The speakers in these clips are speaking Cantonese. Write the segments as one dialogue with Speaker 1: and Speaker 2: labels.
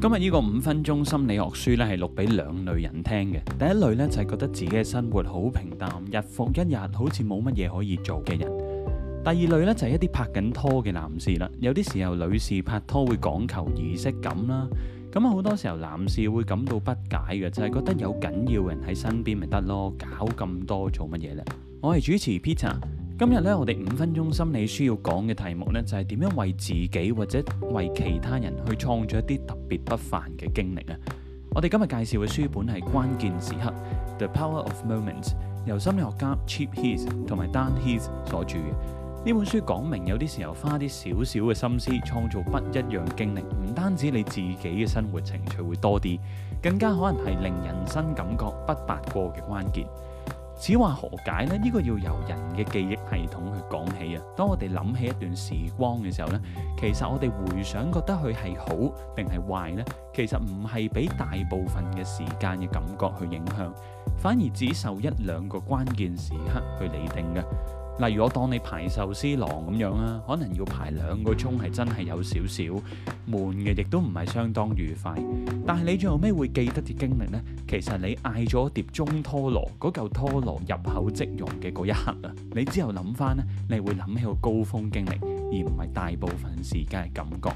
Speaker 1: 今日呢個五分鐘心理學書咧，係錄俾兩類人聽嘅。第一類咧就係覺得自己嘅生活好平淡，日復一日，好似冇乜嘢可以做嘅人。第二類咧就係一啲拍緊拖嘅男士啦。有啲時候女士拍拖會講求儀式感啦，咁啊好多時候男士會感到不解嘅，就係覺得有緊要嘅人喺身邊咪得咯，搞咁多做乜嘢呢？我係主持 Peter。今日咧，我哋五分鐘心理書要講嘅題目呢，就係點樣為自己或者為其他人去創造一啲特別不凡嘅經歷啊！我哋今日介紹嘅書本係《關鍵時刻：The Power of Moments》，由心理學家 Chip Heath 同埋 Dan Heath 所著嘅。呢本書講明有啲時候花啲少少嘅心思，創造不一樣經歷，唔單止你自己嘅生活情緒會多啲，更加可能係令人生感覺不白過嘅關鍵。此話何解呢？呢、呢個要由人嘅記憶系統去講起啊！當我哋諗起一段時光嘅時候呢，其實我哋回想覺得佢係好定係壞呢？其實唔係俾大部分嘅時間嘅感覺去影響，反而只受一兩個關鍵時刻去釐定嘅。例如我當你排壽司郎咁樣啦，可能要排兩個鐘，係真係有少少悶嘅，亦都唔係相當愉快。但係你最後咩會記得啲經歷呢？其實你嗌咗碟中拖羅嗰嚿拖羅入口即溶嘅嗰一刻啊，你之後諗翻呢，你會諗起個高峰經歷，而唔係大部分時間嘅感覺。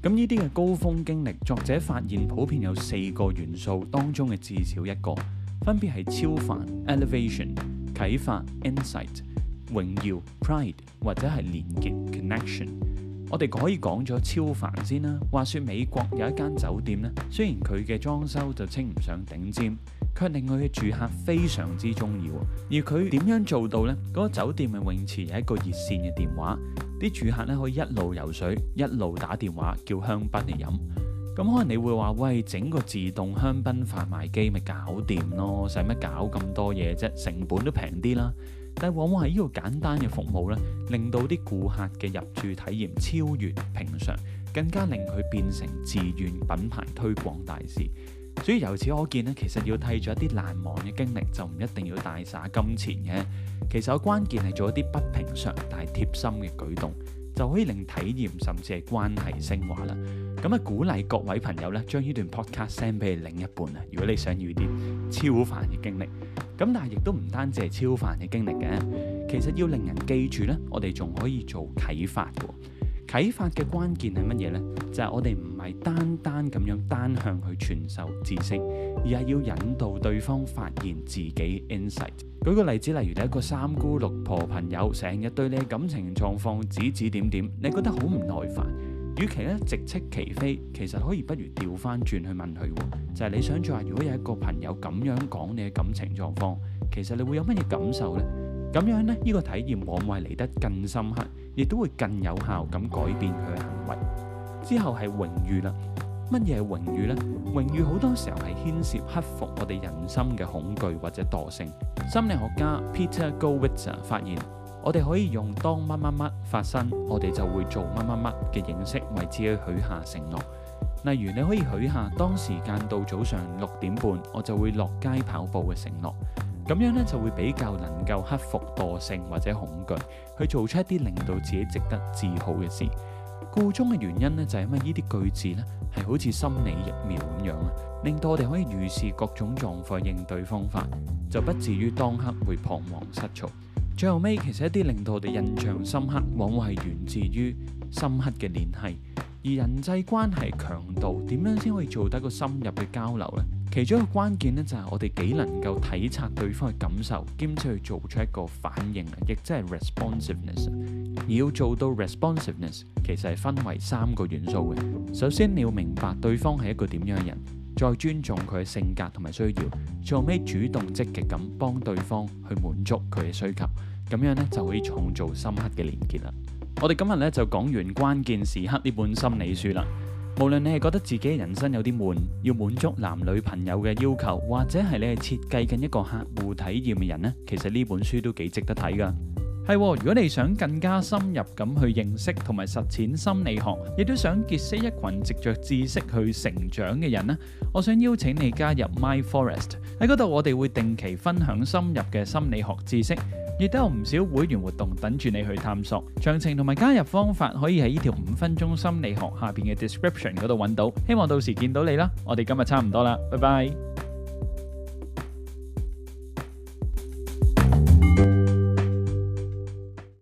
Speaker 1: 咁呢啲嘅高峰經歷，作者發現普遍有四個元素，當中嘅至少一個分別係超凡 （elevation）、Ele vation, 啟發 （insight）。Ins ight, 榮耀 （Pride） 或者係連結 （Connection），我哋可以講咗超凡先啦。話說美國有一間酒店呢，雖然佢嘅裝修就稱唔上頂尖，卻令佢嘅住客非常之中意。而佢點樣做到呢？嗰、個、酒店嘅泳池有一個熱線嘅電話，啲住客咧可以一路游水一路打電話叫香檳嚟飲。咁可能你會話：喂，整個自動香檳販賣機咪搞掂咯，使乜搞咁多嘢啫？成本都平啲啦。但往往係呢個簡單嘅服務咧，令到啲顧客嘅入住體驗超越平常，更加令佢變成自願品牌推廣大使。所以由此可見咧，其實要替咗一啲難忘嘅經歷，就唔一定要大灑金錢嘅，其實關鍵係做一啲不平常但係貼心嘅舉動。就可以令體驗甚至係關係升華啦。咁啊，鼓勵各位朋友咧，將呢段 podcast send 俾你另一半啊。如果你想要啲超凡嘅經歷，咁但係亦都唔單止係超凡嘅經歷嘅，其實要令人記住咧，我哋仲可以做啟發嘅。啟發嘅關鍵係乜嘢呢？就係我哋唔係單單咁樣單向去傳授知識，而係要引導對方發現自己 insight。舉個例子，例如你一個三姑六婆朋友，成日對你嘅感情狀況指指點點，你覺得好唔耐煩。與其咧直斥其非，其實可以不如調翻轉去問佢，就係你想像下。如果有一個朋友咁樣講你嘅感情狀況，其實你會有乜嘢感受呢？咁樣呢，呢個體驗往往係嚟得更深刻。亦都會更有效咁改變佢嘅行為。之後係榮譽啦，乜嘢係榮譽呢？榮譽好多時候係牽涉克服我哋人心嘅恐懼或者惰性。心理學家 Peter Gollwitzer 發現，我哋可以用當乜乜乜發生，我哋就會做乜乜乜嘅形式為自己去許下承諾。例如，你可以許下當時間到早上六點半，我就會落街跑步嘅承諾。咁樣咧就會比較能夠克服惰，惰性或者恐懼，去做出一啲令到自己值得自豪嘅事。故中嘅原因呢，就係因為呢啲句子呢，係好似心理疫苗咁樣啊，令到我哋可以預示各種狀況應對方法，就不至於當刻會彷徨失措。最後尾其實一啲令到我哋印象深刻，往往係源自於深刻嘅聯繫，而人際關係強度點樣先可以做得個深入嘅交流呢？其中一個關鍵咧，就係我哋幾能夠體察對方嘅感受，兼且去做出一個反應啊！亦即係 responsiveness。而要做到 responsiveness，其實係分為三個元素嘅。首先你要明白對方係一個點樣嘅人，再尊重佢嘅性格同埋需要，最後尾主動積極咁幫對方去滿足佢嘅需求，咁樣咧就可以創造深刻嘅連結啦。我哋今日咧就講完關鍵時刻呢本心理書啦。無論你係覺得自己人生有啲悶，要滿足男女朋友嘅要求，或者係你係設計緊一個客戶體驗嘅人呢，其實呢本書都幾值得睇噶。係，哦，如果你想更加深入咁去認識同埋實踐心理學，亦都想結識一群藉着知識去成長嘅人咧，我想邀請你加入 Mind Forest。喺嗰度，我哋會定期分享深入嘅心理學知識。亦都有唔少會員活動等住你去探索，詳情同埋加入方法可以喺呢條五分鐘心理學下邊嘅 description 嗰度揾到。希望到時見到你啦！我哋今日差唔多啦，拜拜。